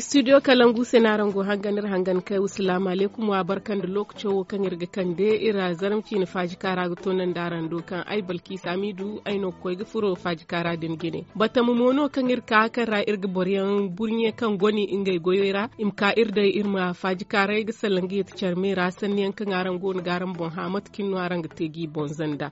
studio kalangu senarango hanganir hangan kai assalamu alaikum wa barkan da lokacin wo kan irga kan de ira zaramci ni faji kara ga tonan daran dokan kan ai balki samidu ai no koy ga furo faji kara din gine bata mu mono kan irka kan ra irga boryan burnye kan goni ingai ra imka ka irda irma faji kara ga salangi ta charme ra sanniyan kan aran gon garan bon hamad kinno aran tegi bon zanda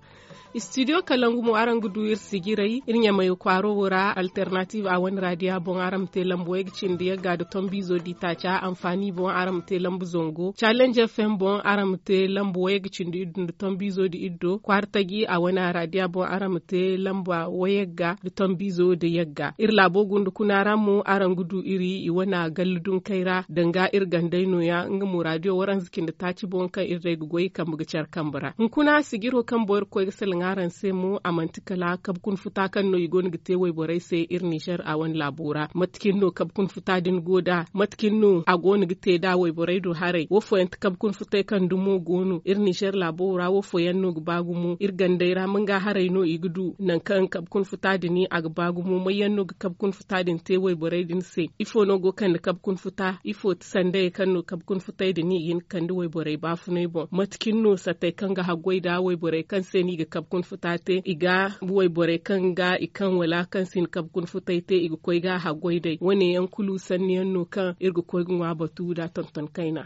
studio kalangu mu arangu duir sigirai irnya mai kwaro wura alternative a wani radiya bon aram te lambo eg ya gada ton bizo di tacha amfani bon aram te lambu zongo challenge fm bon aram te lambo eg chindi idun da bizo di iddo gi a wani radiya bon aram te lambo wayegga da bizo da yagga ir labo gundu kuna ramu arangu du iri i wana galludun kaira danga irgandaino ya mu radio waran zikin da taci bon kan irre gugoi kan bugicar kambara. Nkuna sigiro kan boyar ko se mu amanti kala kab kun futa kan no yigon gite way borai se ir nishar a wan labura matkin no kab kun futa din goda matkin no agon gite da way borai do hare wo ent kab kun futa kan dumo gonu ir nishar labura wo foyan no gbagumu ir gandaira mun ga hare no igudu nan kan kab kun futa dini a gbagumu mayan no kab kun futa din te way borai din se ifo no go kan kab kun futa ifo sande kan no kab kun futa dini yin kan do wai borai ba fune bo matkin no sate kan ga hagoi da wai borai kan se ni ga kab kun futa te iga buwai bore kan ga ikan wala kan sin kab kun te iga koi ga hagoi dai wani yan kulu sanni yan no kan irga koi gwa batu da tonton kaina.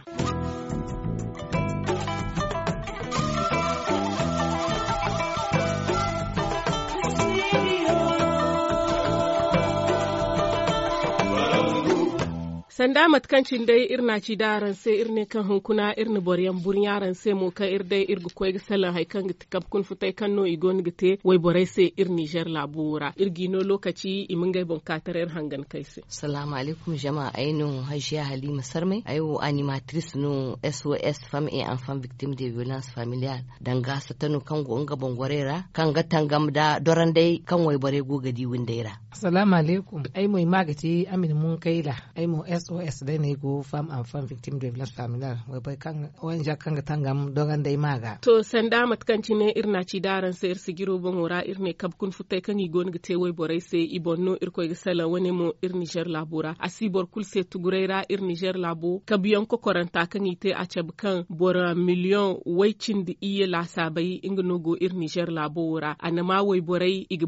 sanda matkancin dai irna ci daran sai irne kan hunkuna irni boryan burnyaran sai mu kan irde irgu koy hay kan giti kap kun futai kan no igon gite way boray sai ir Niger labura irgi no lokaci imin gai bon katar ir hangan kai sai assalamu alaikum jama'a ainun hajiya halima sarmai ayo animatrice no SOS fam et enfant victime de violence familiale danga tanu kan go nga bongorera kan ga tangam da doran dai kan way bare go gadi windaira assalamu alaikum ai mai magati amin mun kaila ai mo sos de ne go fam and fam victim de violence familiar we bai kan wan ja kan tangam dogan dai maga to san da matkan ne irna ci daran sai irsi giro ban wura irne kab kun futai kan yi gon gate wai borai sai i bonno ir koy sala woni mo ir niger labura a sibor kul se tugureira ir niger labo kab yon ko koranta kan yi te a cab kan bora million wai cin di iye la sabai inga nogo ir niger labo wura wora ma wai borai ig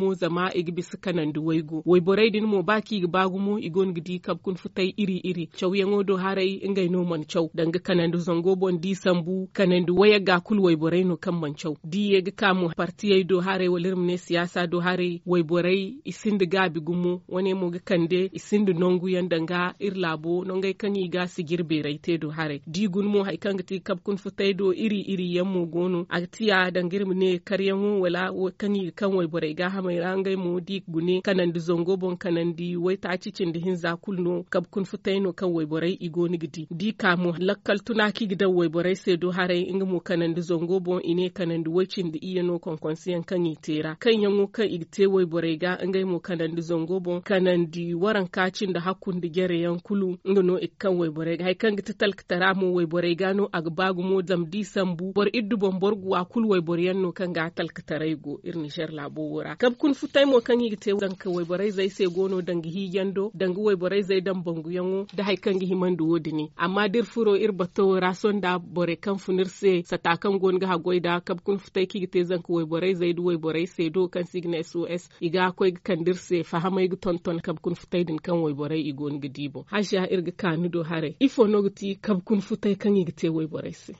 mo zama ig biskanan du waigo wai borai din mo baki ig bagumo igon gidi kab kun futai kai iri-iri. cau yang odo harai ingai no man chau. Danga kanandu zango bon di sambu kanandu waya ga wai borai no kan man cau Di ga kamu partiye do harai walir ne siyasa do harai wai borai isinda gabi gumu wane mu kande isinda nongu yandanga labo nongai kanyi ga berai te do harai. Di gunmu haikanga ti futai do iri-iri yammu gono. Agtiya dangirmu ne karyamu wala kanyi kan wai borai ga hamai rangai mu di gune kanandu zango bon kanandi wai ta cicin da hin kul no kap kun futaino kan waiborai igo gidi di kamu lakkal tunaki gida waiborai sai do hare inga mu kanan da zongo bon ine kanan da wacin da iya no konkonsiyan kan itera kan yango kan igte waiborai ga inga mu kanan da zongo bon kanan di waran kacin da hakun da gere kulu inga no ikkan waiborai ga kan gita tara mu waiborai ga no agbagu mu zam di sambu bor iddu bon borgu akul waiborai no kan ga tara go irin shar labo wura kab kun futai mo kan igte zan ka waiborai zai sai gono dangi higendo dangi waiborai zai dan bongo kan guyangu da hay kan himan do ne amma dir furo ir bato rason da bore kan funir se sata kan gon ga goy da kab kun futai ki te zan ko bore zai do bore se do kan signa sos iga koi kan dir se fahamai ton tonton kab kun futai din kan way bore igon gidibo hasha ir ga kanu do hare ifo no kab kun futai kan te way bore se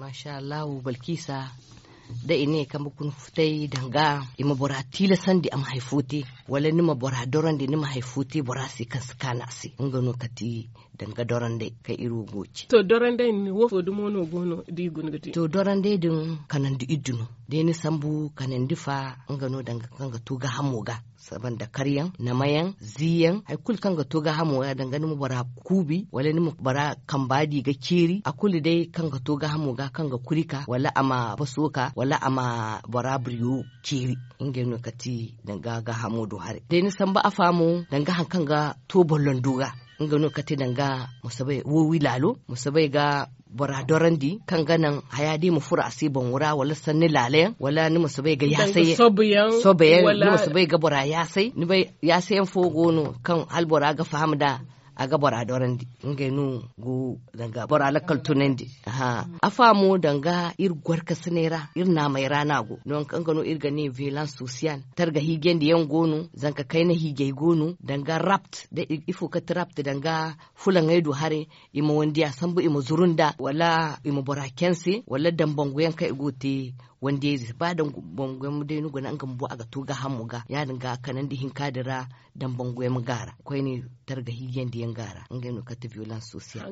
masha Allah balkisa da ine kamba kun futai danga ima bora tila sandi am haifuti wala nima bora doron de nima haifuti bora si kan skana si ngano kati danga doron de ka iru goci to doron de ni wofo du mono gono di gati to doron de din kanan di iduno de ni sambu kanan di fa ngano danga kanga tuga hamoga saban da karyan na mayan ziyan ai kul kan ga toga hamu ya dangane mu bara kubi wala ni mu bara kambadi ga kiri a kul dai kan ga toga hamu ga kan ga kurika wala ama basoka wala ama bara briyo kiri inge no kati dan ga hamu do hare dai ni san ba afamu dan han kan ga to bollon duga nga no katinan ga musabai wowi lalo musabai ga dorandi kan ganan hayadi mu fura asibon wura wala sanni lale wala ni musabai ga yasai sobayan ni musabai ga bora yasai ni bai yasayan fogo no kan albora ga fahamda a a bora dorandi nge nu gu danga bora lakal tunendi ha afamu danga ir gwarka sinera ir na mai rana go non kan gano ir gani velan social targa di yan gonu zanka kai na hige gonu danga rapt da ifo ka rapt danga fulan aidu hare imo wandiya sambu imo zurunda wala imo bora kensi wala dambangu yan kai gote wanda ya badan bangoyen dai nugo an gambo aga to ga hamu ga ya dinga kanan dihin kadira dan bangoyen gara akwai ne targa da diyan gara an gani ka ta violence social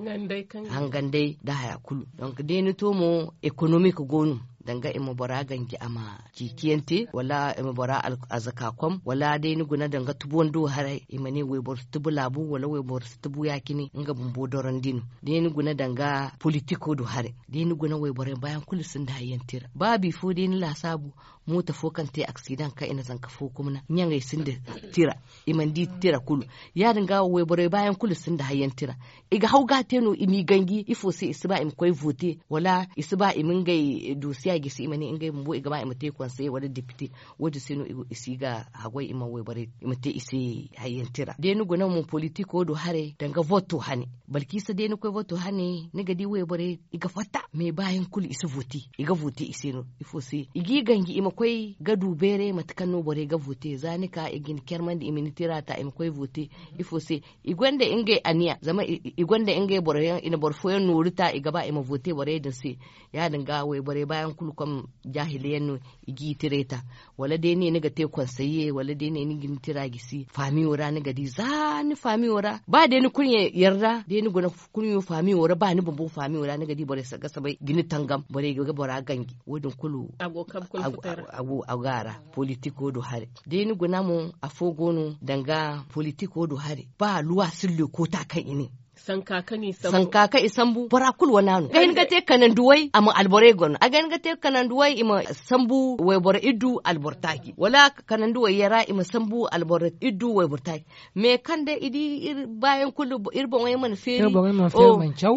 An gandai da haya kulu don dai ni tomo economic gonu danga ima bara gangi ama kikiyanti wala ima bora azakakom wala dai ni guna danga tubon do harai ima ne we bor tubu labu wala we bor tubu yakini nga bumbo doron dinu dai ni guna danga politiko do harai. dai ni guna we bor bayan kulisin da hayantira babi fo dai ni lasabu mota fo kan te accident ka ina zanka fo kuma nyangai sinda tira imandi tira kulu ya dinga we bore bayan kulu sinda hayan tira iga ga teno imi gangi ifo se isba im koi vote wala isba imin gai gi gisi imani ingai mbo iga ba imate sai wala deputy wodi sino igo isiga hagwai ima we bore imate isi hayan tira denu gona mu politiko do hare danga voto hani balki sa denu koy voto hani niga di we bore iga fata me bayan kulu isu voti iga vote isino ifo se igi gangi ima imakwai ga dubere matakan nobore ga vote zanika igin kerman da iminitira ta imakwai vote ifose igwanda inge aniya zama igwanda inge bore ina borfo yan ta igaba ima vote bore din se ya dinga wai bore bayan kulkom jahiliyan no igi tireta wala dai ne niga te kwansaye wala dai ne ni tira gisi fami wora niga di zani fami wora ba dai ni kunye yarda dai ni gona kunyo fami wora ba ni bambo fami wora niga di bore saga gini tangam bore ga bora gangi wodin kulu abokan kulfutar agu agara politiko do hare deni gunamu afogonu danga politiko do hare ba luwa sulle ko kan ini sankaka ni sambu sankaka isambu barakul wananu gain gate kanan duwai ama albore gon again gate kanan duwai ima sambu way bor iddu albortaki wala kanan duwai yara ima sambu albor iddu way bortaki me kande idi bayan kullu irbon way man feri irbon way man feri oh, man chau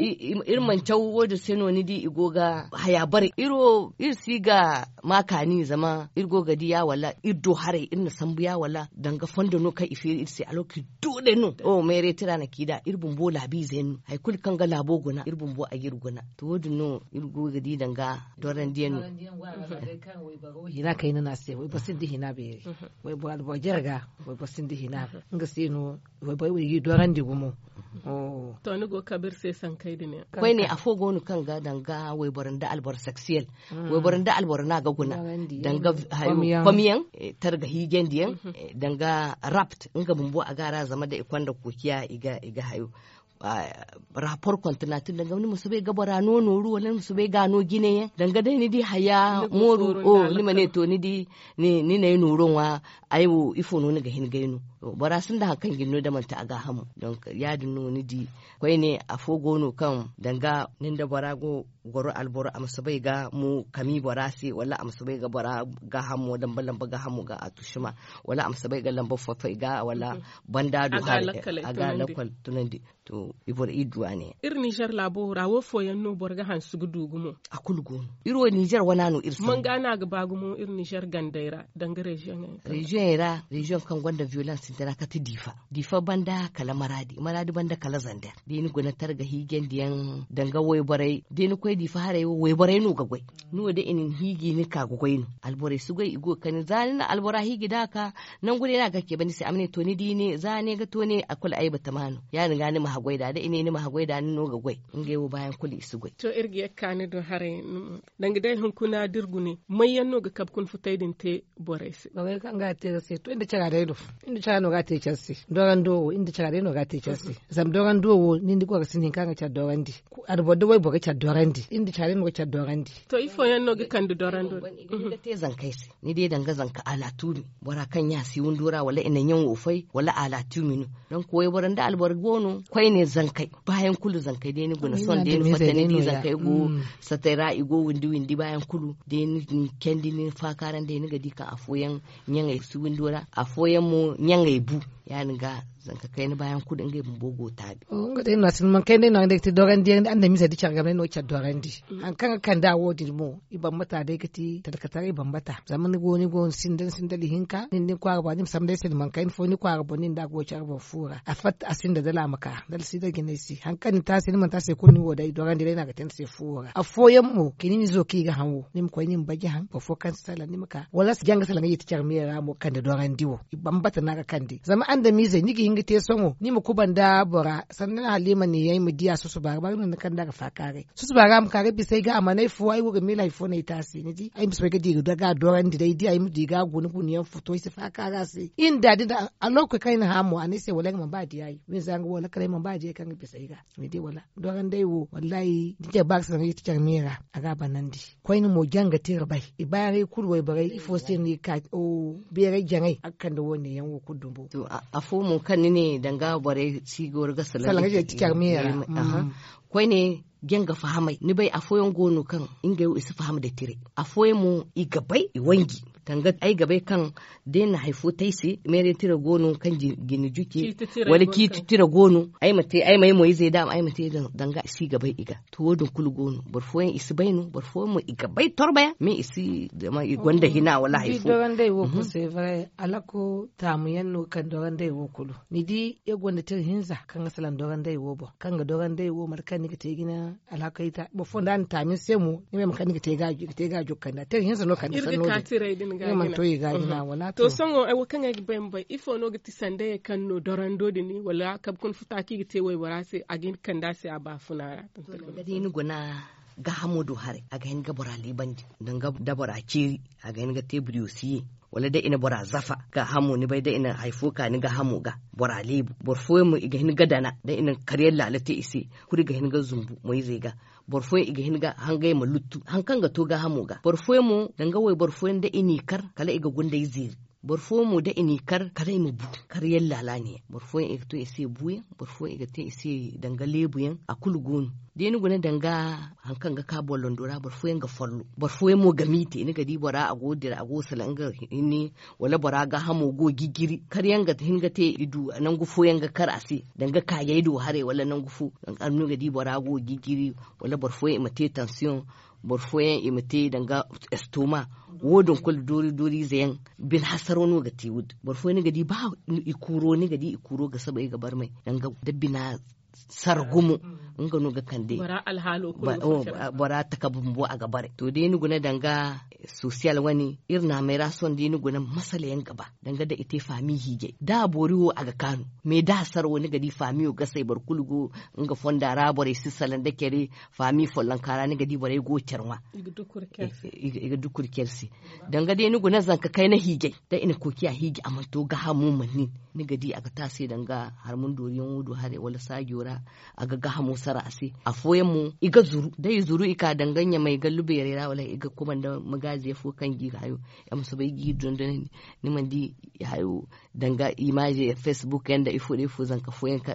man chau wodo seno ni di igoga hayabar iro maka makani zama irgoga di ya wala iddo hare irna sambu ya wala danga fondo no kai si irsi aloki dole no o oh, mere tira na kida irbun bola abi zenu hay kul kanga labo guna irbun bo a guna to wodu no irgo gadi danga doran dienu hina kai na se wai basin di hina be wai bo albo jerga wai basin di hina nga sinu wai bai wai doran di gumo oh. to ni go kabir sai san kai dine kai ne kan nu kanga danga wai baranda albar sexual hmm. wai baranda albar na ga guna danga kwamiyan eh, targa higen diyan hmm. eh, danga rapt nga bumbo a gara zama da ikwanda kokiya iga iga hayo rapor kwaltinatin daga wani musu bai gabara nono ruwa nan musu bai gano gine ya danga dai ni di haya moru o oh, ni mane to ni di ni ni nay nuron wa aiwo ifo no ga hin gaino bara sun da hakan ginno da manta ga hamu don ya di dinno ni di kwai ne a fogo no kan danga nin da bara go goro alboro am su bai ga mu kami bara sai wala am su bai ga bara ga hamu dan ballan ga hamu ga atushima wala am su bai ga lamba fofai ga wala mm-hmm. banda do ga aga tunan di to ibor idwa ne ir nijar labo rawo foyan no borga han sugu dugumo akul gonu iro nijar wana no ir man gana ga bagumo ir nijar gandaira danga region region era region kan gwanda violence ka ta difa difa banda kala maradi maradi banda kala zandar ni gona targa higen diyan danga woy borai ni koy difa hare woy borai no ga goy no da inin higi ni ka go goy no albore sugoi igo kan zalin albora higi daka nan gure na ga ke bani sai amne to ni dine zane ga to ne akul aibata mano ya riga ni mahagweda da ine ni da ni no gwai in ga yau bayan kuli su gwai to irgi yakka ni do hare dangi dai hun kuna ne mai yan no ga kab kun futai din te borese ba wai kan ga te se to inda cara dai do inda cara no ga te chelsea doran do inda cara dai no ga te chelsea zam doran do wo ni ndi ko ga sinin kan ga cha doran di arbo do wai bo ga cha doran di inda cara no ga cha doran di to ifo yan no ga kan do doran do inda te zan kai ni dai danga zan ka ala ni bora kan ya si wundura wala ina yan wofai wala ala minu dan koyi boran da albar gono kwai fai ne zankai bayan kulu zankai dai ni guna son dai ni fata ni zankai go mm. satera go windi windi bayan kulu dai ni kendi ni fakaran dai ni ga dika afoyan nyangai su windora afoyan mu nyangai bu yani ga ka kai ni bayan kudin ga mun bogo ta bi o oh, ngata ina sin man kai ne na da ti doran di mm. an da misa di charga ne no cha doran di an kan kan da wo di mo iban mata dai kati tarkatare iban mata zaman ni goni gon sin dan sin dali hinka nin ni kwara ba ni sam dai sin man kai fo ni kwara ba nin da go char ba fura a fat asin da dala maka dal si da gine si han kan ta sin man ta se ko ni wo dai doran di na ga tan se fura a fo yam mo kini ni zo ki ga hanwo nim ko nin baji han ba fo kan sala ni maka wala si janga sala ngi ti charmiya mo kan da doran di wo iban mata na ga kan di zaman an da mize nigi yinga te songo ni mu kuban da bora sannan halima ne yayi mu diya su su ba ba ni kan daga fakare su su bara mu kare bi sai ga amanai fu ai wuga mila ifo ne ta si ni ji ai mu sai ga diga daga doran da dai ai mu diga gunu gunu yan futo su fakara si in da da a lokai kai na hamu ani sai wala man ba diya yi min zanga wala kai man ba diya kan bi sai ga ni dai wala doran dai wo wallahi ke ba sa ni tikar mira a gaba nan di koi ni mo janga te ga bai ibarai kurwai barai ifo sai ni ka o bi bere jangai akkan da wonne yan wo kudumbo to a A mun kan ne danga bare sigor ga salala ga tikar miya mm. kwai ne genga fahamai ni bai a afoyon gonu kan inga yau isa fahamu da tire afoyon mu i gabai i wangi tanga ai gabe kan dena haifu taisi mere tira gonu kan gini juke wani ki tira gonu ai mate ai mai moyi zai dam ai mate danga si gabe iga to wodun kul gonu barfoyen isi bainu barfoyen mu iga bai torbaya me isi da ma gwanda mm. hina wala haifo doran dai wo mhm. ku sai bare alako mu yanno kan doran dai wo kulu ni di ya gwanda tir hinza kan asalan doran dai wo bo kan ga doran dai wo markan ni te gina alakaita bo fondan tamin semu ni me markan ni te ga te ga kan da tir hinza no kan sanno yeman to ye na wala to songo ay wakan ay bemba ifo no gati sande ye kan no dorando ni wala kab kun futa ki gite way warase agin kanda se aba funara dadi ni guna ga hamudu hare aga hin ga borali bandi dan ga dabara kiri aga hin ga tebriyo si wala da ina bora zafa ga hamu ni bai da ina haifuka ni ga hamu ga bora lebu bor mu ga hin gadana da ina kariyar lalata isi kuri ga hin ga zumbu mai zai ga borfoye iga hinga hangay ma luttu hankanga toga hamuga borfoye mo danga way borfoye nda ini kar kala iga gunda izir borfo mu da ini kar kare mu bu kar yallala ne borfo e to e se buye borfo e te e se danga lebuyen a kulgun ni gune danga hankan ga ka bollon dora borfo ga follo borfo mo mite ni ga di bora a godira a gosala nga ni wala bora ga hamo go gigiri kar yanga tin ga te idu nan gufo yanga kar ase danga ka yaido hare wala nan gufo an ga di bora go gigiri wala borfo e mate tension burfoyen imite danga estoma wodon kul dori dori zayan bil hasaro no gati wud borfoyen gadi ba ikuro ne gadi ikuro ga sabai ga barmai mai danga dabbina sargumu ga mm. nuga kande bara alhalo ko oh, bara takabumbo a bare to dai ni guna danga social wani irna mai rason dai ni guna masala yan gaba danga da ite fami hige da boriwo a ga kanu me da sar wani gadi famiyo ga sai barkulgo ga fonda ra bare sisalan da kere fami follan kara ni gadi bare go cerwa iga dukur kersi danga dai ni guna zanka kai na hige da ina kokiya hige amma to ga hamu manni ni gadi aga tase danga har mun doriyon wudu hare wala sagi a ga gaha mo a afoye mu iga zuru dai zuru ika danganya mai galube yare ra wala iga kuma da magazi ya fukan gi hayo ya musu bai gi dundun ni man di hayo danga imaje facebook yanda ifo ifo zanka fo yanka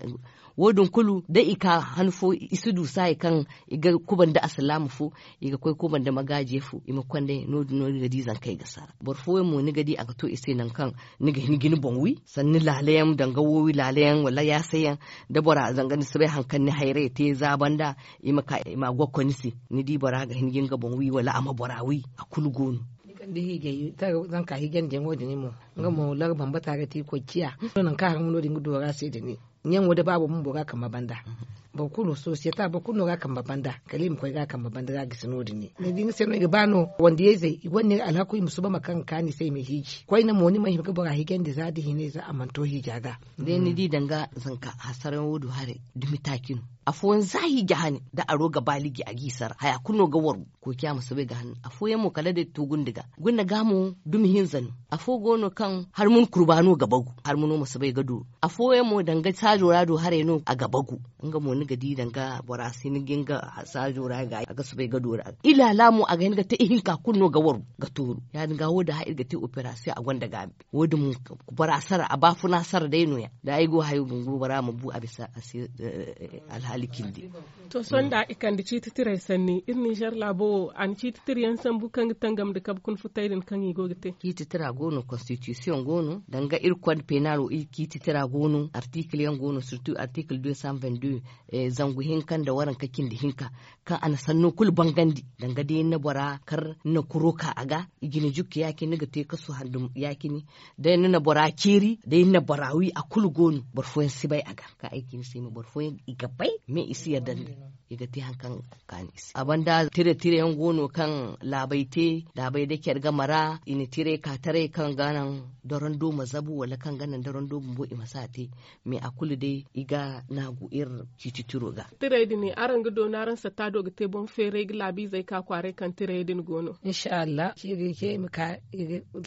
wodun kulu da ika hanfo isudu sai kan iga kuban da asalamu fo iga koi kuban da magaje fo ima kwande nodu nodu gadi zan kai gasara bor fo mu ni gadi aka to ise nan kan ni ga ni bonwi sanni lalayan danga wowi lalayan wala ya sayan da bora zan gani sabai hankan ni haire te zabanda ima ka ima gokkonisi ni di bora ga hingin ga bonwi wala ama borawi a kulgonu da hige ta zan ka higen je mo mu nga mu lar bamba tare ti ko kiya non ka har mun do dora sai ni nyan wada babu mun boga kama banda bokuno societa bokuno ga kan babanda kalim ko ga kan babanda ga gisinodi ne ne din sai no bano wanda ye zai wanne alhaku im suba makan kani sai mai hiji koi na moni mai ga bara higen da zadi hine za amanto hiji ga ne ni di danga zanka hasaran wudu hare dumitakin afuwan zahi jahani da aro ga baligi a gisar haya kuno ga waru ko kiya musu bai hannu afo ya mu kala da tugun diga gunna gamu dumihin zanu afo gono kan har mun kurbano bagu har mun musu bai gado afo ya mu danga sajorado hare no a gabagu ga mu ni ga didan ga bora sinigin ga hasa jura ga ga su bai ga dora ila lamu a ga ga ta ihin ka kunno ga waru ga toro ya ga woda ha irga te operasi a gwanda ga woda mu bora sara a ba funa sara dai ya da ai go hayo gungu bara mu bu a bisa eh, alhalikin di to son da ikan di citi tire sanni in ni nijar labo an citi tire yan san bukan tangam da kab kun futairin kan yi gogite citi tira gono constitution gono danga ir code penal o citi tira gono article yan gono surtout article 222 e, zangu hinkan da waran kakin da hinka kan ana sannu kul bangandi dangade na bara kar na kuroka aga igini jukki yaki niga te kasu handum yake ni dai ni na bara kiri dai na barawi a kul gonu barfoyan sibai aga ka aikin sai mu barfoyin igabai me isi ga ti hankan kanis da tire tire yan gono kan labaite labai da kyar gamara ini tire ka tare kan ganan doron doma zabu wala kan ganan doron do sa te. me akulu dai iga nagu gu'ir cicituro ga tire ne aran na naran sa do gite bon fere labi zai ka kware kan tire din gono insha Allah shige ke ka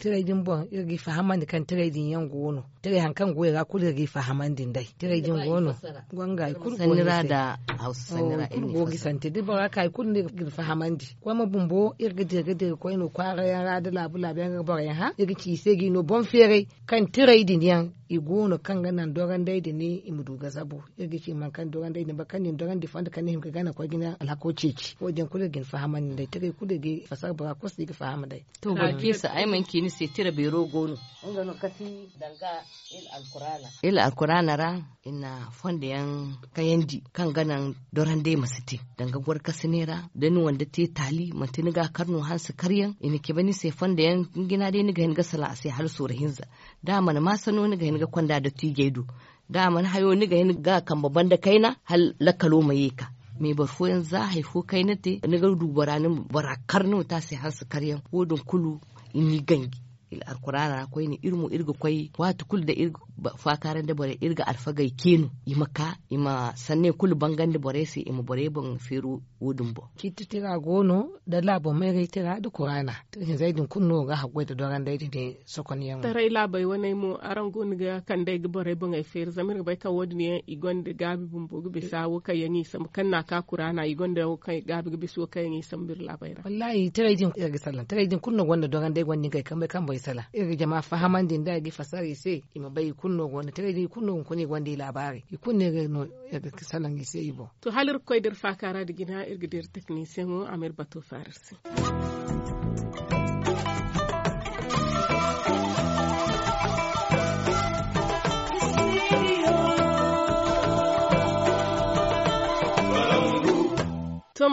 tire din bon irgi fahaman kan tire din yan gono tire hankan goye ga kulu ga fahaman din dai tire din gono gwanga kulu sanira da hausa sanira ir gogi santidi bara kai kunni fahamandi wama bumbo ir gede gede ko ino da yan rada labu labu yan bara yan ha ir ci segi no bon fere kan tirai din yan gono kan ganan dogan daidi ne imu duga zabo irgi ci man kan dogan ne ba kan dogan di fanda kan himka gana kwa gina alhako ceci jan kula gin fahaman dai take kula gi fasar ba ko sigi fahama dai to ba ke sa ai man kini sai tira bai rogo no ngano kati danga il alqur'ana il alqur'ana ra ina fanda yan kayandi kan ganan doran dai masiti danga gwar kasinera dani wanda te tali mantini ga karno hansu karyan ina ke bani sai fanda yan gina dai ni ga hin gasala sai har sura hinza da mana ma sano ni ga hin ga kwanda da tijedu da man hayo ni ga ni ga kan babban da kaina hal lakalo mai ka me barfo yan za haifo kai na te ni ga dubara ni barakar ni ta sai har su karyan don kulu in yi gangi il alqur'ana akwai ni irmu irga kwai wata kul da irga fakaran da bore irga alfagai kenu ima ka ima sanne kulu bangande bore si ima bore bon firu wudum bo kiti tira gono da labo mai rai tira da kurana tin zaidin kunno ga hakwe da doran dai din sokon yan tarai labai wani mu aran gonu ga kan dai ga bore bon ai fir zamir bai ka wodni igon da gabi bumbo ga bisa wuka kai yangi sam kan na ka kurana igon da kai gabi ga biso kai yangi sam bir labai wallahi tarai din ga sallan tarai din kunno gonda doran dai gonni kai kan bai kan bai sala irga jama'a fahaman din da gi fasari sai ima bai kun kunno gonde tere ni kunno on koni wonde labari i kunne no yaga salangi se ibo to halir koyder fakara digina irgidir technicien o amir bato farisi to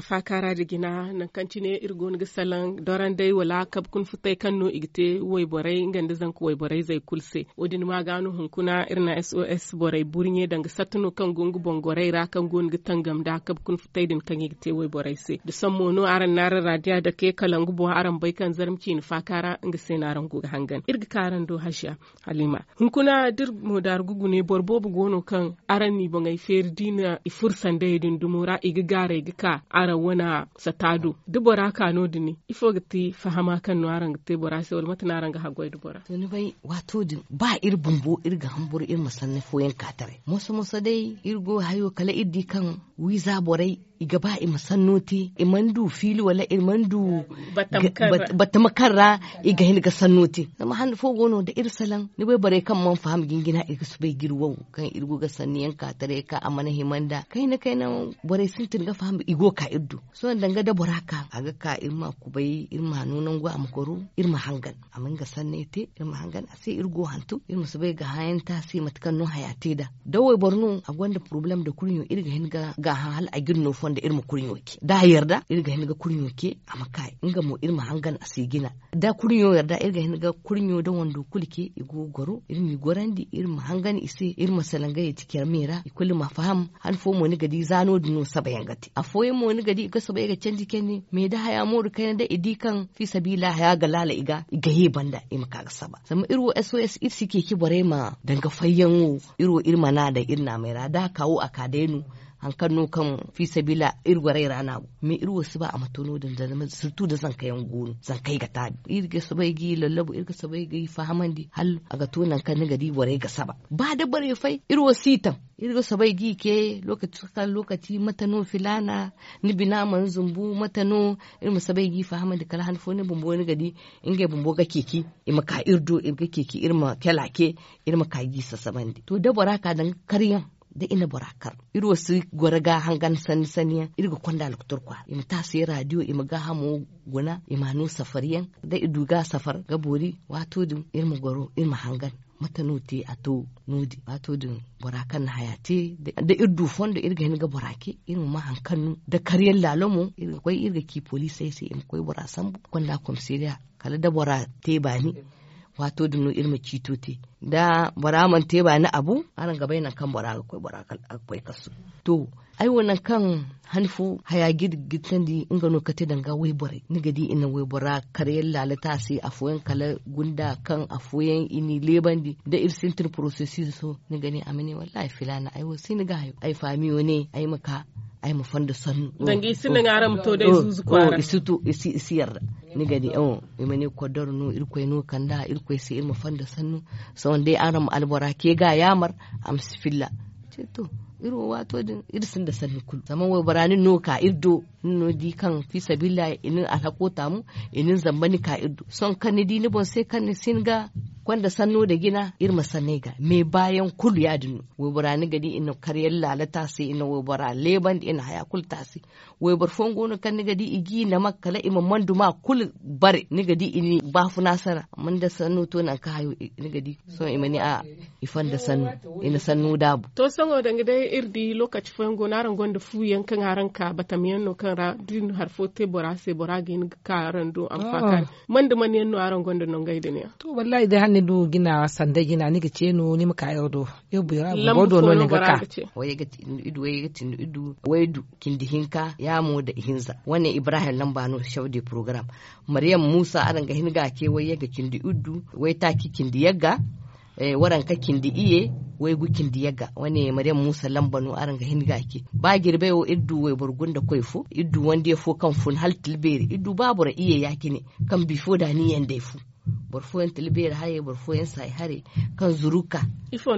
fa kara da gina nan kantine irgon gisalan doran dai wala kab kun kan no igite woy borai ngande zan ko woy borai zai kulse odin ma gano hunkuna irna SOS borai burnye dang satno kan gongu bongorai ra kan gongu tangam da kab kun futai din kan igite woy borai se da sammo mono aran nar radiya da ke kalangu bo aran bai kan zarmci ni fa kara fakara na ran guga hangan irga karan do hasha halima hunkuna dir mo dar gugu ne borbo bu gono kan aran ni bangai ferdina i fursan dai din dumura Igi igika ara wana satadu dubora ka no dini ifo gati fahama kan no arang te bora se wal mata arang ha goy dubora to ni bai wato din ba ir bumbu ir ga hambur ir masannafo yan katare musu musu dai irgo hayo kala iddi kan wiza borai ima imasannoti imandu fili wala imandu batamakara iga hin ga sannoti zama hannu fogono da irsalan ni bai bare kan man faham gingina iga su bai girwau kan irgo ga sanniyan ka tare ka amana himanda kai na kai na bare sintin ga faham igo ka iddu so danga da buraka aga ka irma kubai irma nunan gwa amkoro irma hangan amin ga sannete irma hangan sai irgo hantu irma su bai ga hayan ta sai matkan no hayate da dawai borno a gwanda problem da kunyo irga hin ga ga hal a girno fon wanda irma ke. da yarda irga hinga kurinyoke amakai inga mo irma hangan asigina da kurinyo yarda irga hinga kurinyo da wando kulke igo goro irmi gorandi irma hangan ise irin salanga ya tikiyar mera ikuli ma faham hal fo mo ni gadi zano dunu sabayan gati a fo mo ni gadi iga sabaya ga canji kenni me da haya mo kai da idi kan fi sabila haya ga lala iga iga he banda ima kaga saba sama iru SOS it sike ki bare ma danga fayyan wo irma na da irna mera da kawo akadenu hankan kan fi sabila irgwarai rana bu me irwa su ba a matono da zalama surtu da zan kayan gonu zan kai ga tabi irga su bai gi lallabu irga su bai gi fahaman di hal a ga tonan kan ni gari warai ga saba ba da bare fai irwa sitan irga su bai gi ke lokaci kan lokaci matano filana ni bina man zumbu matano irma su bai gi fahaman di kala hanfo ni bumbo ni gadi in ga bumbo ga keke ima ka irdo irga keke irma kelake irma ka gi sa saban di to dabara ka dan karyan da ina iri wasu gwara ga hangan sani saniya irga konda alkutur kwa ima ta sai radio ima ga hamu guna ima no safariyan da iduga safar gabori wato dun irma gwaro irma hangan mata noti a to nodi wato da burakan hayate da irdu fondo irga hinga burake irin ma hankanu da karyan lalomo irga kwai irga ki police sai sai in kwai burasan kwanda komisariya kala da bora te bani wato dunu irma kitote da baraman te ba na abu anan gaba yana kan bara akwai bara akwai kasu to ai wannan kan hanfu haya gid gitan di inga no kate danga wai bare ni gadi ina wai bara karyan lalata sai afoyan kala gunda kan afoyan ini leban di da irsin tin processes so ni gani amene wallahi filana ai sai ni ga ai fami ne ai maka ai mu fanda sannu dangi oh, sinan oh, aram to dai oh, zuzu kwara isi to isi isi yarda ni gadi awon imani e kodor nu irkoi nu kanda irkwai sai irma fanda sannu sau dai aram albora ke ga yamar amsfilla ce to iro wato din irsin da sannu kul zaman wai barani nu ka irdo no di kan fi sabila inin alhakota mu inin zambani ka irdo son kan ni dini bon sai kan ni sin ga kwanda sannu da gina irma sanai ga me bayan kulu ya dinu wai barani gadi ina karyar lalata sai ina wai bara leban ina hayakul tasi Fongo fongono kan ni di igi na makkala imam mandu ma kul bare ni gadi ini bafu nasara mun da sannu to na kayo ni So imani a ifan da sannu ina sannu dabu to sango danga dai irdi lokaci fongo na rangon da fu yankan haran ka bata no kan ra din harfo te bora se bora gin ka rando am fakar ah. mandu man yanno rangon da non gaide ne to wallahi dai hanne du gina sanda gina ni gice no ni muka Yo yobu ya bodo no ne ga ka waye ga idu waye ga idu waye du kindihinka ya yamo da Ihinza wannan Ibrahim Lambano Shaudi program Maryam Musa aran ga hinga ke wai yaga kindi uddu wai taki kindi yaga eh, waran ka kindi iye wai gu kindi yaga wani Maryam Musa Lambano aran ga hinga ke ba girbe wo iddu wai da koi fu iddu wanda ya fo kan fun hal tilberi iddu babura iye yakine kan bifo da niyan da fu barfoyin tilbiyar haye barfoyin sai hare kan zuruka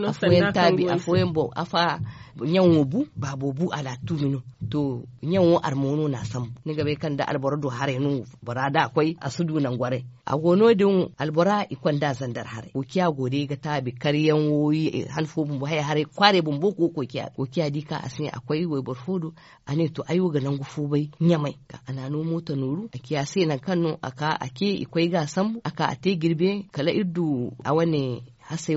afoyen tabi afoyen bo afa nyanwo bu babo bu ala tumino to wo armono na sam ni gabe kan da alboro do hare nu barada akwai asudu nan gware a gono din albora ikon da zandar hare ko gode ga ta bi karyan woyi eh, halfo bun bai hare kware bun ko ko kiya ko kiya dika asin akwai wai barfodo ane to ayo ga gufu bai nyamai ka anano mota nuru a kiya sai nan kanno aka ake ikwai ga san aka ate girbe kala iddu a wani hasai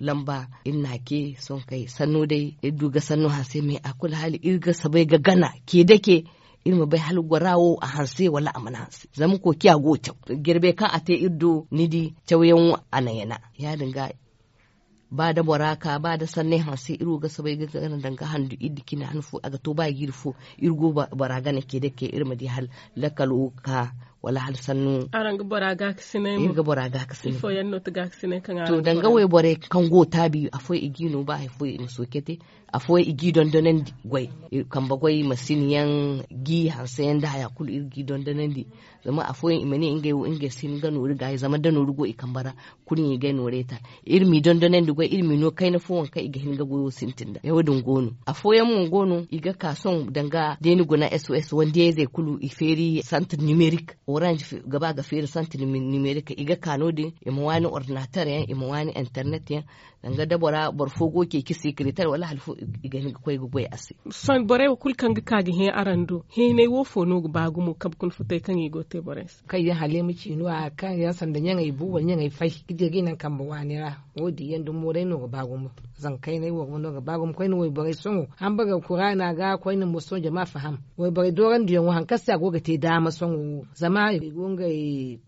lamba inna ke son kai sannu dai iddu ga sannu hasai mai akul hali irga sabai ga gana ke dake irma bai hal gwarawo a hanse wala a hanse zamu ko kiya go girbe ka a te iddo nidi tawayen anayana ya dinga ba da waraka ba da sanne hanse iru ga sabai ga ganan danga handu iddi kina hanfu aga to ba girfo irgo baraga ne ke dake irma di hal ka wala hal sannu aran ga bora ka sine mu ga bora ka sine fo yanno ta ga sine kan aran to danga we bore kan go tabi afoi igino ba afoi in sokete A afo igi dondonen gwai kamba gwai masiniyan gi hansayan da daya kul igi dondonen di zama a afo imani inga yu inga sin ga nuri ga zama da nuri go ikambara kuni ga nore ta irmi dondonen di gwai irmi no kai na fo wanka iga hin ga goyo sintin da yawadin gono A yan mun gono iga kason danga deni guna SOS wanda ya zai kulu iferi santin numeric orange gaba ga feri santin numeric iga kano din imawani ordinatar yan imawani internet yan nanga dabora borfogo ke ki secrétaire wala halfu igani ko go boy asi san bore kul kan ga kagi he arando he ne wo fo no ba gumo kab kun futay kan yi gote bore kai ya hale mi cinu a kan ya san da nyanga ibu wal nyanga fai kije ginan kan ba wani ra wodi yan dum more no ba gumo zan kai ne wo no ba gumo kai no wo bore songo an baga qur'ana ga kai ne muso jama faham wo bore doran diyan wo hankasa go ga te dama songo zama gonga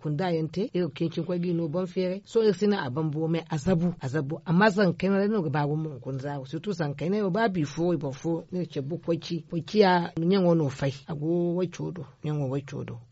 kunda yante iro ko gi no bon fere so sina aban me azabu azabu amma ma kai na no ba kun mun kunza wo sutu kai na ba bi fo ba fo ne ce bu kochi kochi ya nyen wo fai ago chodo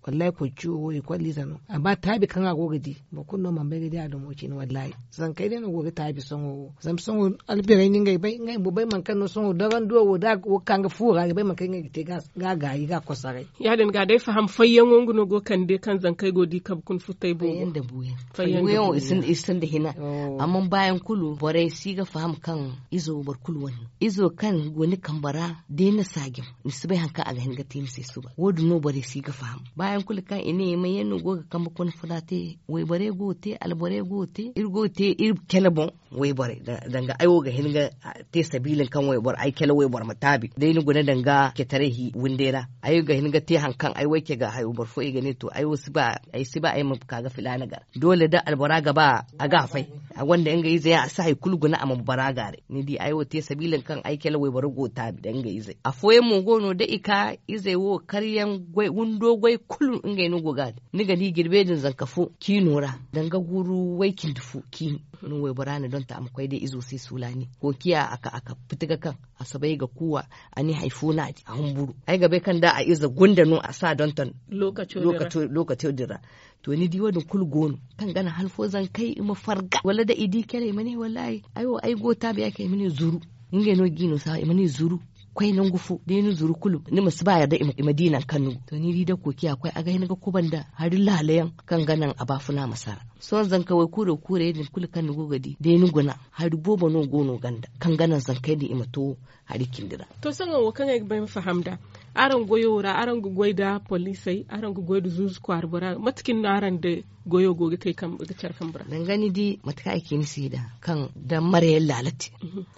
wallahi ko ciwo e kwalli tano amma ta bi kan agogo di ba kunno man bai gadi adam oci ne wallahi zan kai dena gogi tabi songo zam songo albirai ni ngai bai ngai bai man kan no songo ran duwa wo da wo kan ga fura bai man kai ngai te gas ga ga yi ga kosare ya den ga dai faham fayyan wongu no go kan de kan zan kai godi kab kun futai bo fayyan da buya fayyan da isin isin da hina oh. amma bayan kulu borai si ga faham kan izo bar kulu wani izo kan goni kambara de na sagim ni sibai hanka a ga hin ga sai su ba wodu no borai si ga faham ayan kulka ine me yenu goga kamba kun fulate we bare gote te al bare go ir gote te ir kelabon we bare danga ayo ga hinga te sabilin kan we bare ai kela we bare matabi dai ni gune danga ke tarehi windera ayo ga hinga te hankan ai wake ga hayo bar e gane to ayo su ba ai su ba ai mu kaga filana ga dole da albara gaba a gafai a wanda inga yi zai a sai kulguna a mabara gare ni di ayo te sabilin kan ai kela we bare go bi danga yi zai a foye mu gono da ika izai wo karyan gwai wundo gwai kullum in inu gogad ni ni girbe din zankafo. ki nora ga guru wai kildufu ki nun wai burana don ta amkwai da izo sai sulani ko kiya aka aka fitiga kan asabai ga kuwa ani haifuna a humburu ai gabe kan da a iza gundanu a sa don ta lokacin dira to ni di wani kul gonu kan gana halfo zan kai mu farga wala da idi kele mani wallahi ai ai gota biya kai mani zuru inga no gino sa mani zuru kwai nan gufu da yin zuru kulu ni musu ba yarda imadinan kanu to ni da koki akwai aga ni ga kuban da har lalayan kan ganan abafuna masara son zan kawai kure kure yadin kulu kan ni gadi da yin guna har boba no gono ganda kan ganan zan kai da imato hari kindira to san wa kan ga bai fahamda aran goyora aran da polisai aran da zuzu kwarbura matkin aran da goyo goge kai kan bugicar kan bura gani di matka ake ni da kan mhm. da mare lalati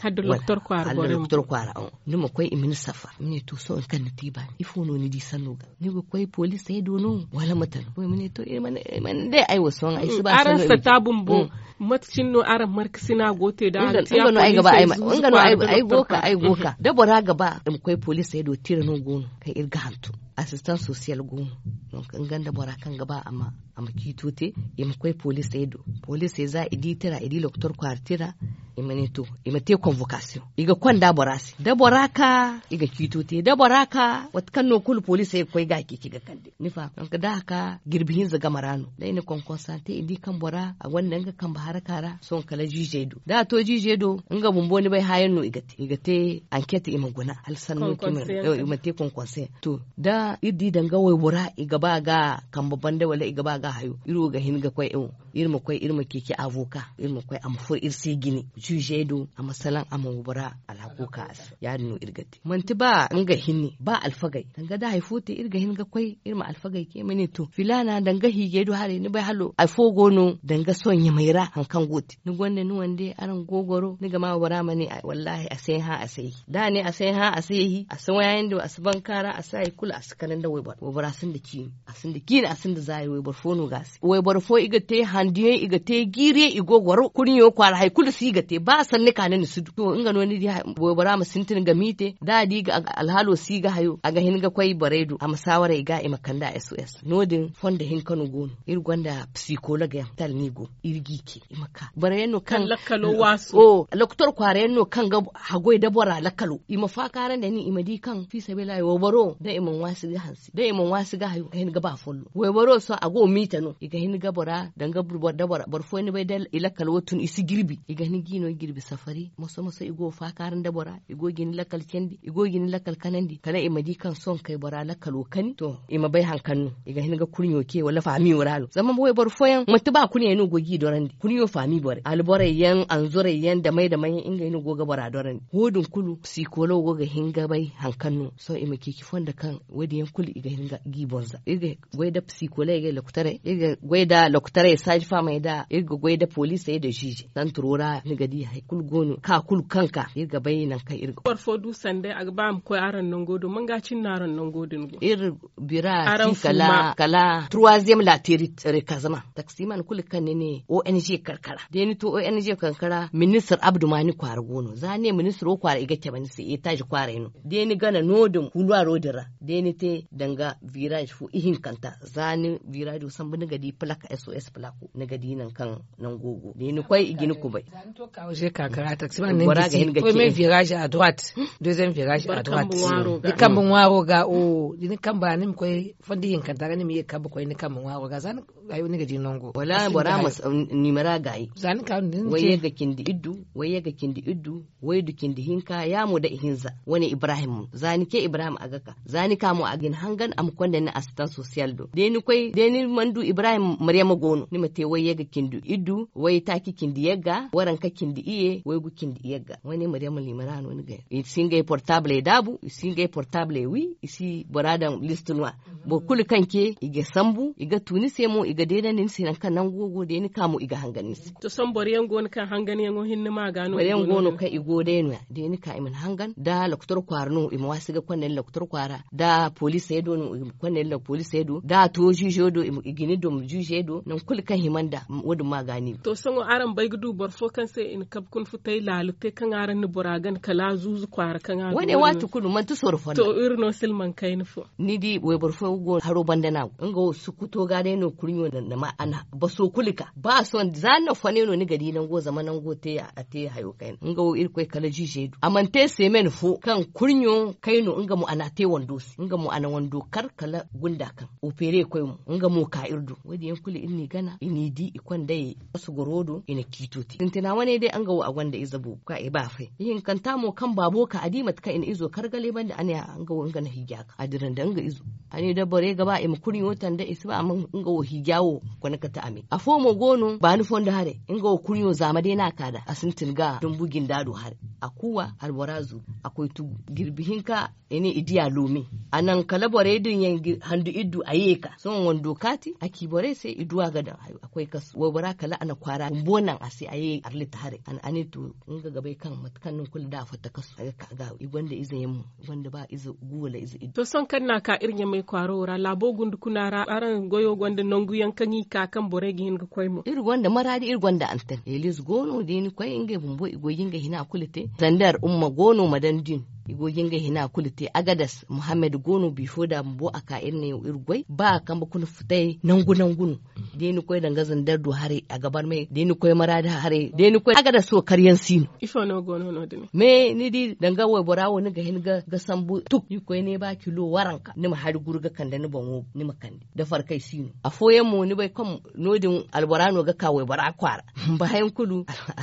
hadda doktor kwara gore doktor kwara on ni mo koy imin safa ni to so kan tiba ifo no ni di ga ni ko koy police sai dono wala matan ko mini to e eh, man eh, man dai ai wason ai su ba aran sa tabun bo mm. matcin no aran marksina gote da tiya ngano ai gaba ai ngano ai boka ai boka da bora gaba im koy police sai do tirano gono kai irga hantu assistant social gun donc ganda bora kan gaba ama ama kitote im koy police edo police eza editera edi doctor quartira imanito imate convocation iga bora si da ka iga kitote da boraka wat kanno kul police e ga gaki kiga kande nifa donc da ka girbihin zaga marano da ina konkonsante idi kan bora a wannan ga kan bahar kara son kala do da to do ga bumbo ni bai hayan no igate igate enquête imaguna hal sanno kimir imate konkonsante to da idi danga wai wura igaba ba ga kamba banda wala iga ba ga hayo iro ga hin ga kwai irma kwai irma keke avoka irma kwai a fur irse gini juje do amasalan amawbara alakoka as ya no irgati manti ba nga hinni ba alfagai danga da haifote irga hin ga kwai irma alfagai ke mani to filana danga hige do hare ni bai halo a fogono danga son ya maira hankan goti ni gonde ni wande aran gogoro ni ga ma wara mani wallahi a sai ha a sai da ne a sai ha a sai a san wayan da asban kara a sai kula asakanan da waibar waibar sun da ki asin da ki asin da zai waibar fo no gasi waibar fo iga te andiyo iga te gire igo waro kuni yo kwara hay kulu si te ba ne kanen su to inga no ni di bara ma sintin ga mite da di ga alhalo si ga hayo aga hin ga kwai baredu a musawara iga e makanda SOS nodin fonda hin kanu gon. ir gwanda psychologue ya tal ni go irgi ke imaka bareno kan lakkalo mm, waso o oh, doktor kwareno kan ga hagoi da bora lakkalo ima fa karan da ni imadi kan fi sabila yo baro da iman wasu ga hansi da iman wasu ga hayo hin ga ba follo we baro so ago no iga hin ga bora dan ga bur borda bora bor fo ne bay del ila kal wotun isi girbi iga ni gino girbi safari moso moso igo fa karan da bora igo gini lakal kendi igo gini lakal kanandi kana ima di kan son kai bora lakal kani to ima bai hankannu iga ni ga kunyo ke wala fami wuralo zama boy bor fo yan mutu ba kunye no gogi dorandi kunyo fami bore albore yan anzure yan da mai da mai inga ni goga bora dorandi hodun kulu sikolo goga hinga bai hankannu so ima ke kifon fonda kan wadi yan kulu iga hinga gibonza iga gwai da sikolo iga lokutare iga gwai da lokutare sai alfa mai da irga gwai da ya da shi nan turora ni gadi kul gono ka kul kanka irga bayinan ka irga fo du sande a ba mu aran nan godo mun ga cin naran nan godo ni ir bira kala kala troisième la territoire rekazama taksiman kul kan ne ONG karkara da ni to ONG karkara minister Abdu Mani Kwara gono za ne minister o kwara iga ban sai e taji kwara ino da ni gana nodum kulwa rodira da ni te danga virage fu ihin kanta za ni virage san bin gadi plaka SOS plako na gadinan kan nan gogo ni ni kwai igini ku bai to ka waje kakara ta ci ban nan ji ko men virage à droite deuxième virage à droite ni kan bun waro ga o ni kan ba ni kwai fandi yin kan tare ni mi kan kwai ni kan bun waro ga zan ayo ni gadi nan go wala bara mas um, ni mara gai zan ka ni waye ga kindi iddu waye ga kindi iddu waye du kindi hinka ya mu da hinza wani ibrahim zani ke ibrahim agaka zani ka mu agin hangan am konde na assistant social do deni kwai deni mandu ibrahim maryama gono ni te wai yaga kindi iddu wai taki kindi yaga waran ka kindi iye wai gu kindi yaga wani mu demu limarano wani ga isinga portable dabu isinga portable wi isi boradan listunwa bo kul kanke iga sambu iga tunise mo iga dena nin sinan kan nan gogo de ni kamu iga hangani to sambor yan gon kan hangani yan hinna ma gano yan gono ka igo de ni de ni ka imin hangan da loktor kwarno ima ga kwannen loktor kwara da police edo kwannen la police edo da to jujo do igini mu jujo do nan kul kan da wadin ma gani to sango aran bai gudu barfo kan sai in kab kun futai lalute kan aran ni buragan kala zuzu kwara kan aran wane watu kunu man tu sorfo to irno silman ni fo ni di we fo go haro bandana ngo su kuto ga dai no kurnyo na ma ana ba so kulika ba son zanna ne no ni gari nan go nan go te a te hayo ga ir kai kala jije amante semen fo kan kurnyo kaino nga mu ana te wando nga mu ana wando kar kala gunda kan opere kai mu nga mu ka irdu wadi yan kuli inni gana ni di ikon dai wasu gorodo ina kitoti intina wane dai an gawo a gwanda izabo ka e ba fai yin kan mo kan babo ka adimat ka ina izo kargale da ane an gawo na higya ka adiran da anga izo ani da bare gaba e mukuni wotan da isba amman an gawo higyawo kwana ka ame a fomo gono ba ni fonda hare in gawo kunyo zama dai na kada asintin ga dun bugin dado hare akuwa warazu akwai tu girbihin ka ene idiya lomi anan kalabore din yan handu iddu ayeka son wando kati akibore sai iduwa gadan hayo akwai kasu wa bara kala ana kwara bonan a sai ayi arli ta hare an ani to in ga gabe kan matkan nan kul da fata kasu ga ga wanda izin yemu wanda ba izo guwala izo to son kan na ka irin mai kwaro ra labo gundu kuna ra aran goyo gonda nongu yankani ka kan gi hin ga koymo ir gonda maradi ir gonda antan. elis gono dini koy inga bumbo igoyin ga hina kulite zandar umma gono madan din igogin ga hina kulite agadas muhammad gono bifo da mbo aka irin irgwai ba kan ba kun fitai nangu nangu mm. dini koy da zanga zandar du hare a gabar mai deni mara da hare deni koy aga da so karyan sino ifo no go no no dini me ni di danga wo borawo ni ga hin ga ga sambu tuk yi koy ne ba kilo waranka ni ma har gurga kanda ni banwo ni ma kandi da farkai sino a foyen mu ni bai kom nodin alborano ga ka wai bara kwara bayan kulu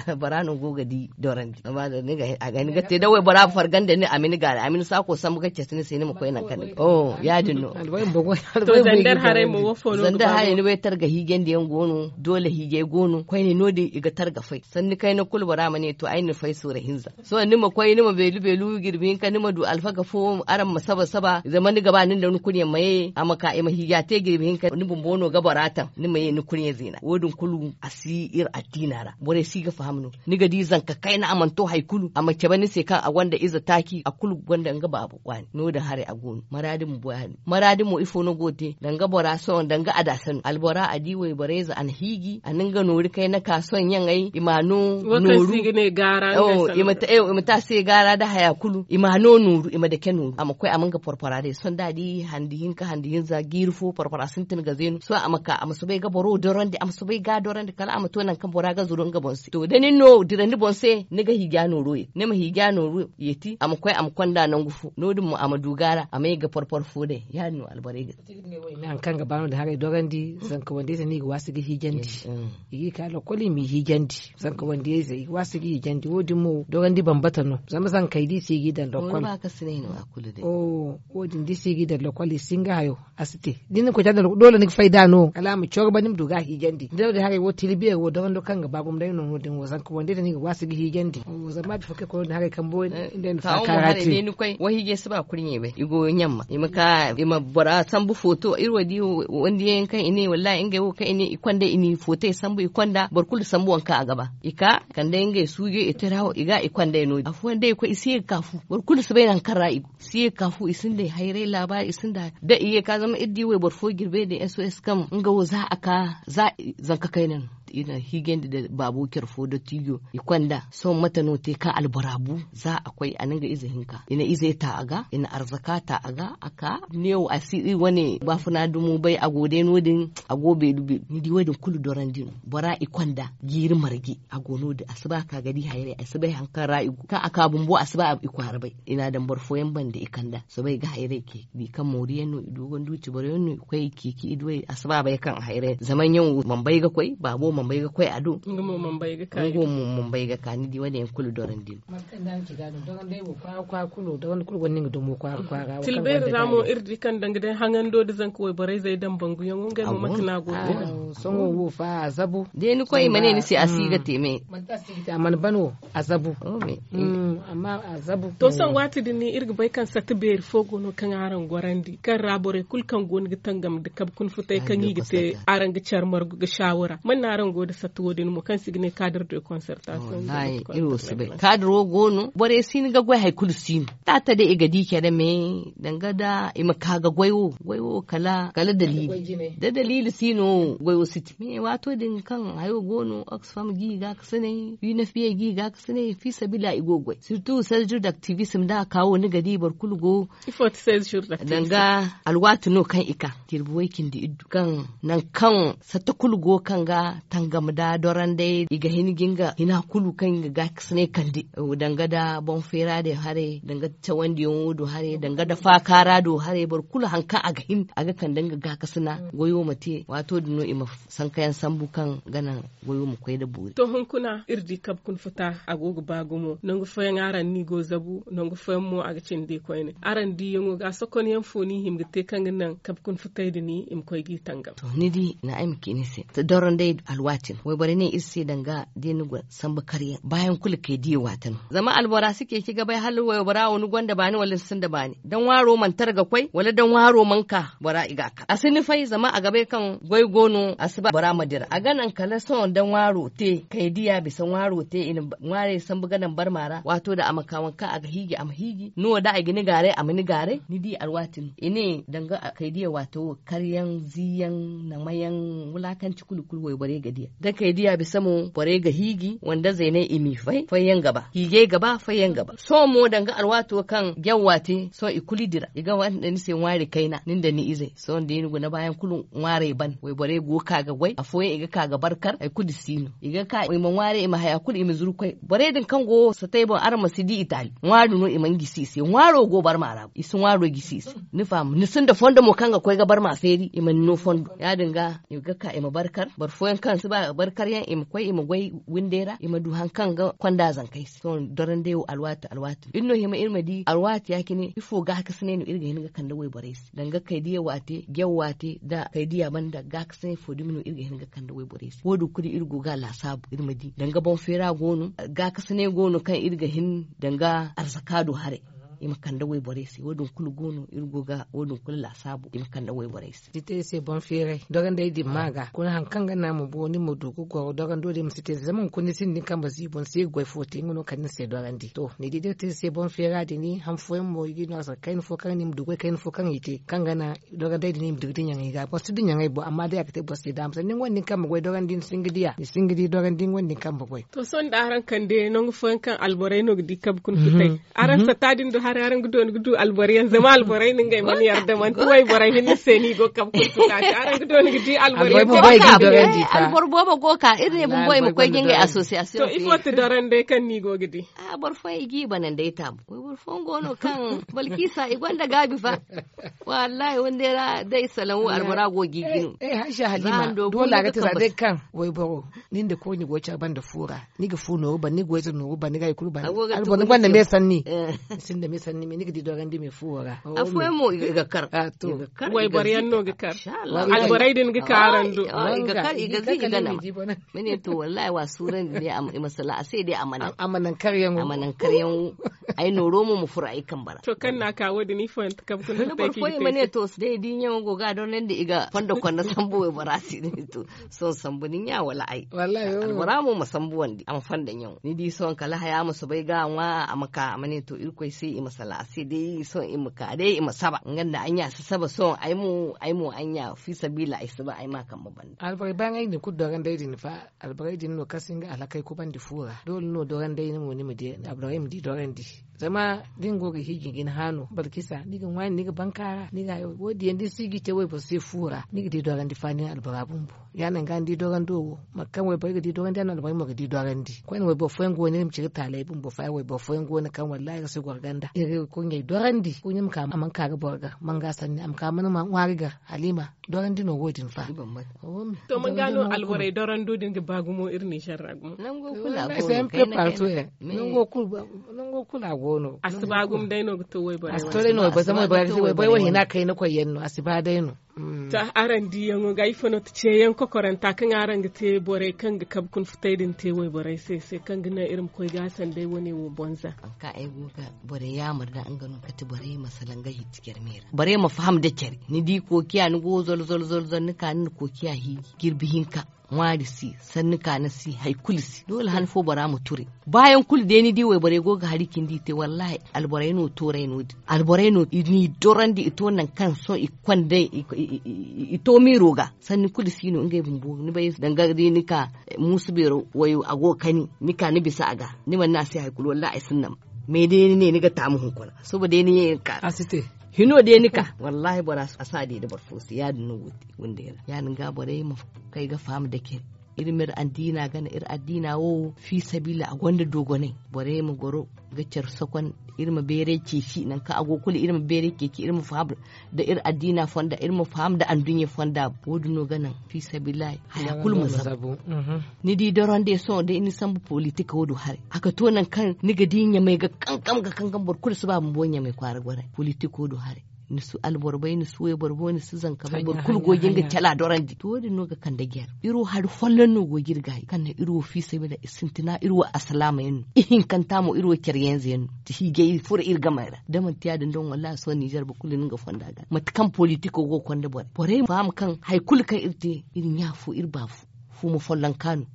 alborano go ga di dorandi ba da ni ga a ga ni ga te da wo bara farganda ni amini ga amini sako sam ga cetini sai ni ma koy nan kandi oh ya no albayin bugo albayin zandar hare mu wo fo no zandar hare ni bai targa higen da yango gono dole hige gono kwai ne nodi iga targa fai sanni kai na rama ne to ai ni fai sura hinza so nima kwai nima belu belu girbin ka nima du alfa ga fo aran masaba saba zaman ni gabanin da a ma amaka ima higa te girbin ka ni bombono gabaratan ni ye ni kunye zina wodin kulu asir addinara bore si ga fahamno ni ga dizan ka kai na amanto haikulu amma ke bani sai kan a wanda iza taki a kulu gwanda nga ba abu kwani no da hare a gono maradin mu boyani maradin mu ifo no gote danga bora so danga adasan albora adiwe bare za an higi anin ga nori kai na kason yan ai imano noru ne gara oh imata eh imata sai gara da haya kulu imano noru ima da ke noru amma kai amanga farfara dai son dadi handihin ka handihin za girfo farfara sun tin ga zenu so amaka amma su bai ga boro doron da amma su bai ga doron da kala amma to nan kan bora ga zurun ga bonse to da no dira ni bonse ni ga higa noro ye ni ma higa noro yeti amma kai am kwanda nan gufu nodin mu amma dugara amma ga farfar fode ya no albare ga nan kan ga bano da haka doron di zan ka wanda ta ni ga wasu gi higendi igi kala koli mi higendi zanka wanda ya zai wasu gi higendi wodi mo dogan di bambata no zama zan kai di si gidan lokol ba ka sinai no akulu dai oh wodi di si gidan lokol singa hayo asite din ko jadal dole ni faida no kala mu chorba nim duga higendi dole da hari wo tilbiya wo dogan lokan ga babum dai no wodin wo zanka wanda da ni wasu gi higendi oh zama bi fuke ko na hari kan bo inda eh, ni fa karati ne ni kai wahi ge su ba kurnye bai igo nyamma imaka imabara sambu foto irwadi wanda yan kan ine wallahi inga wo kan ine ikon kwande ini fote sambu ikwanda borkulu sambu wanka agaba ika kande nge suge iterawo iga ikwanda ikwande Afu afuwande ko isiye kafu borkulu sabai nan karra igu siye kafu isinde hayre labari isinda da iye ka zama iddi we borfo girbe da SOS kam nga wo za aka za zanka kainan ina higen da babu kirfo da tiyo ikwanda son mata no ka albarabu za akwai ga iza hinka ina iza ta aga ina arzaka ta aga aka new asiri wani bafuna dumu bai gode nodin gobe dubi ni di wadin kulu doran din bara ikwanda giri margi gono da asuba ka gadi hayre asuba hankan ra'igu ka aka bumbo asuba ikwar bai ina dan barfo yan banda ikanda so bai ga hayre ke bi kan moriyan no idogon duci bare no kai kiki idwai asuba bai kan hayre zaman yau mambai ga kai babo mo mbay ga koy adu ngo mo mbay ga kani di wani kulu doran din man dan ki gado doran dai wo kwa kwa kulu doran kulu wani ngo kwa kwa ga tilbe ramo irdi kan dang den hangan do de zan koy bare zai dan bangu yango ngai mo makna go songo wo fa azabu de ni koy mane ni si asiga mm. teme man ta sigita man bano azabu oh, mm, amma azabu to san wati ni irgi bai kan sati ber fogo no kan aran gorandi kan rabore kulkan kan gon gitan gam da kab kun futai kan yi gite aran ga charmar ga shawara man aran satuwa sattuwodin mu kan signe kadir de concertation wallahi iro kadir cadre gono bore sini ga gwai haikulu Ta ta e da igadi da me dangada ima kaga gwaiwo gwaiwo kala kala dalili da dalili sino gwaiwo siti me wato din kan hayo gono oxfam gi ga kasane unfpa gi ga kasane fi sabila igogwai surtout seljour d'activisme da kawo ni gadi bar kulgo ifot seljour d'activisme danga alwatu no kan ika e tirbuwai kin di iddu kan nan kan satta kulgo kan ga tan kan gam da doran dai iga hiniginga hina kulu kan ga sne kaldi danga da bon fera de hare danga cawandi yon wudu hare danga da fakara do hare bar kula hanka aga hin aga kan danga ga kasna goyo mate wato dino ima kayan sambu kan ganan goyo mu kai da buri to hunkuna irdi kab kun fita agogo bagumo nongo fayan aran ni go zabu nongo foyan mo aga cin de ne. aran di yongo ga sokon yan foni him te kan nan kab kun fita ni im koy gi tangam to ni di na am kinise to doron dai alwa watin wai bari ne isi danga dini gwa samba karya bayan kula ke diya zama albora suke ki gabai halu wai bara wani gwanda bani wala sun da bani dan waro man targa kwai wala dan waro man ka bara iga ka asini fai zama a gabe kan gwai gono asiba bara madira a ganan kala son dan waro te kai diya bisan waro te in ware san ganan bar mara wato da amakawan ka aga higi am higi nuwa da a gini gare am ni gare ni di alwatin ine danga kai diya wato karyan ziyan namayan wulakanci kulukul wai bare kaidiya dan kaidiya bi samu bore ga higi wanda zaine imi fai fayen gaba hige gaba fayen gaba so mo danga alwato kan gyawati so ikuli dira iga wanda ni sai ware kaina nin da ni izai so da ni guna bayan kulun ware ban wai bore go kaga wai afoye iga kaga barkar ai kudi sino iga ka ima ware ima haya kudi ima zurkai bore din kan go sa taibon arma sidi itali waru no iman gisi sai waro go bar mara isun waro gisi ni fam ni sun da fonda mo kanga koi ga bar ma seri iman no fondo ya dinga iga ka ima barkar bar foyen kan su ba bar karya im e kwai im e gwai windera ima e du hankan ga kwanda zan kai so doran da yau alwatu in inno hima irma di alwatu ya kini ifo ga haka sine no irga hinga kanda wai bare su dan ga kai diya wate gyaw wate da kai diya banda ga haka sine fo dimino irga hinga kanda wai bare su wodu kudi irgo ga lasabu irma di dan ga bon fera gonu ga haka sine gonu kan irga hin dan ga arzakado hare imakanda wai bore si wodun kulu gunu irgoga wodun kulu lasabu imakanda wai bore si dite se bon fere dogan dai di maga kun hankanga na mu boni mu dugu go dogan do de musite zaman kun sin din kan basi bon se goi foti ngono kan se dogan di to ni dite te se bon fere di ni ham fo mo yi no sa kain fo kan ni mu dugu kain fo kan yite kanga na dogan dai di ni mu dugu din yangi ga basi din yangi bo amma dai akate basi dam sa ni wonni kan goi dogan din singidiya ni singidi dogan din wonni kan goi to son da haran kan de non fo kan alborai no di kab kun fitai mhm. aran sa tadin do hararen gudon gudu alborai yanzu ma alborai ninga man yarda man tuwai borai hinne seni go kam kurtuka hararen gudon gudu alborai bo boy gido rendi ta albor bo bo ka irne bo boy mo koy ginga association to ifo to doran de kan ni go gidi a ah, bor fo igi banan de tam ko bor fo ngono kan balkisa gonda gabi fa wallahi wonde ra dai salamu albora go gigin eh hasha eh, halima dole ga ta dai kan wai bo nin da ko ni go cha banda fura ni ga fu no ba ni go zo no ba ni ga ikuru ba albor ngwanda me sanni eh. sin da me sanni mi nigdi dogan dimi fuwara fuwora mo iga kar a to wai bariyan no ga kar al baraydin ga karan do iga kar iga zi iga nan mene to wallahi wa suran ne a masala a sai dai amana amana kar yan amana kar yan ai no romo mu fura ai kan bara to kan na kawo da ni fan kam kun da take ko mene to sai din go ga don nan da iga fanda kon na sambo we barasi ne to so sambo ni ya wala ai wallahi oh. al baramu masambo wandi am fanda yan ni di son kala haya mu su bai ga wa amaka amane to irkoi sai masala sai dai son in mukare in masaba ngan da anya su saba son ai mu ai mu anya fi sabila ai saba ai ma kan maban albarai ban ai ni da ran dai din fa albarai din no ga alakai ko ban di fura dole no ran dai mu ni mu di albarai mu di ran di zama dingo ga higi gin hano barkisa nigin wani niga bankara niga wodi yandi sigi te wai bose fura niga di dogan di fani albarabun bu yanan gan di dogan do makan wai bai ga di dogan dan albai mo ga di dogan di ko ni wai bo ne go mi talai bun bo fa wai bo kan wallahi ga su gorganda ire ko ngai dogan di ko ni a man ka ga borga man ga sanni am ka man man wari ga halima dogan di no wodin fa to man gano alwarai doran do din ga bagumo irin sharra nan go kula sai am ke parto e nan go kula nan go kula go wono asibagum daino to way bare astoreno ba zama bare way way hina kai na koyenno asiba daino ta arandi yango ga ifono ce yan kokoranta ta kan aran ga te bore kan ga kab kun fitai din te wai bore sai sai kan ga na irin koi ga san dai wani wo bonza an ka ai goga bore ya murda an gano ka ta bore masalan ga hit ker mera bore ma faham da ker ni di ko kiya ni go zol zol zol zol ni ka ni ko kiya hi girbihin ka wari si sannuka na si haikul kulisi. dole hanfo bara mu ture bayan kul da ni wai bare goga harikin di te wallahi alborai no torai no alborai no ni dorandi ito nan kan so ikwan dai itomi roga sanni kuli sino yi bumbu ni bai danga di nika musu biro wayo ago kani nika ni bisa aga ni man nasi haikulu kul ai sunnam me dai ne ni ga tamu hunkuna saboda ni ka asite hino dai ka wallahi bara asadi da barfosi ya dinu wuti wanda ya ga bare mu kai ga famu da ke irmir andina gana ir addina wo fi sabila a gwanda dogone bore mu goro gacar sakon irma bere shi nan ka ago kula irma bere keki irma fam da ir addina fonda irma fam da andunye fonda wodu no ganan fi sabila haya kul masabu mhm. ni di doron de so de ni sambu politika wodu har aka to nan kan ni ga dinya mai ga kankam ga kankam bor kul su ba mu bonya mai kwara gwara politika wodu har nisu alborbai nisu we borbo nisu zanka bai borkul gogin ga tala doran di to no noga kan da giyar iro har hollan no gogir ga kan na iro fi sai da isintina iro asalama yin ihin kan ta mu iro kyar yanzu yin ti hige fur ir gamara da mun tiya din don wallahi so Niger ba kullun ga fonda ga kan politiko go da bore bore ba mu kan haikul kan irte irin yafu ir bafu fu mu fallan kanu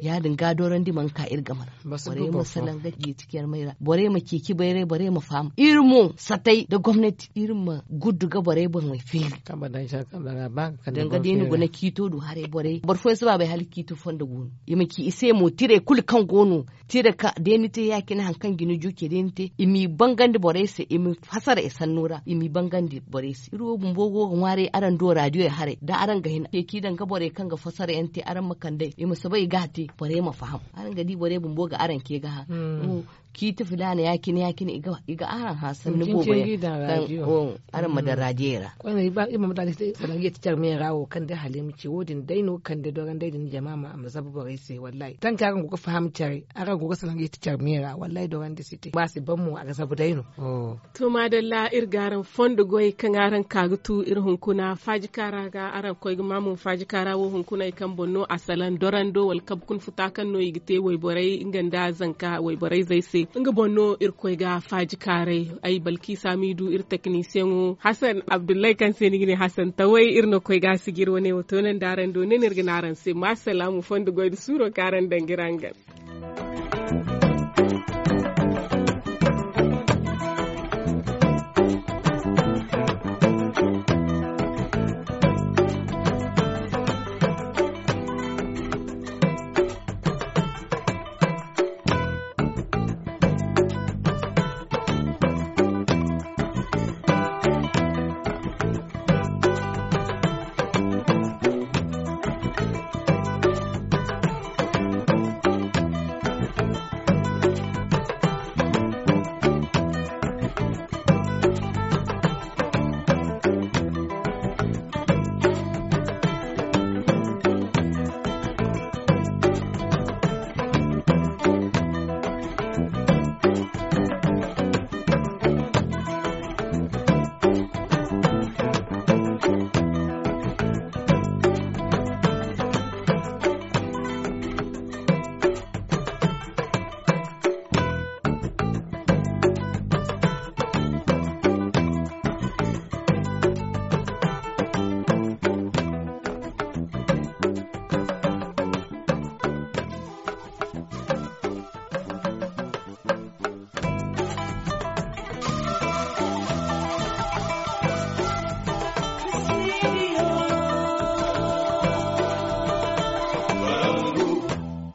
ya dinga doron diman ka irgamar bare mu salan gaji cikiyar maira bare mu kiki bare bare mu fam irmu satai da gwamnati irma ga bare ban mai fere kaba dan shaka da ba ka dinga dini gona kito du hare bare fo su ba bai halki to fonda gono yimi ki ise mu tire kul kan gonu tira ka denite kina hankan gini juke denite imi bangandi borese imi fasara e sannura imi bangandi borese iro mbogo ngware aran do radio e hare da aran gahin ke kidan ga bore kan ga fasara ente aran makande imi sabai gati bore ma faham aran gadi bore bumboga aran ke ga ki ta fi fulani ya kini ya kini iga aran hasan ni gobe kan on aran mm. madara jera kwana ba ima madara sai sanan ya ticar me rawo kan da halim ci wodin daino kan da dogan daidin jama'a amma sabu ba sai wallahi tan ka ran ku fahimtar aran ku sanan ya ticar me rawo wallahi dogan da site ba su ban mu a ga sabu daino oh. to madalla irgaran fondo goyi kan aran kagutu irhun kuna faji kara ga aran koy mamun faji kara wo hun kuna kan bonno asalan dorando wal kab kun futakan no yigite way borai inganda zanka way borai zai sai se nga bonno ir koy ga faji kare ay balki samidu ir technicien o hasan abdullahi kan se nigini hasan wai ir no koy ga sigir woni o tonen daran do nenir ginaran se ma salamu fondo goyde suro karan dangirangal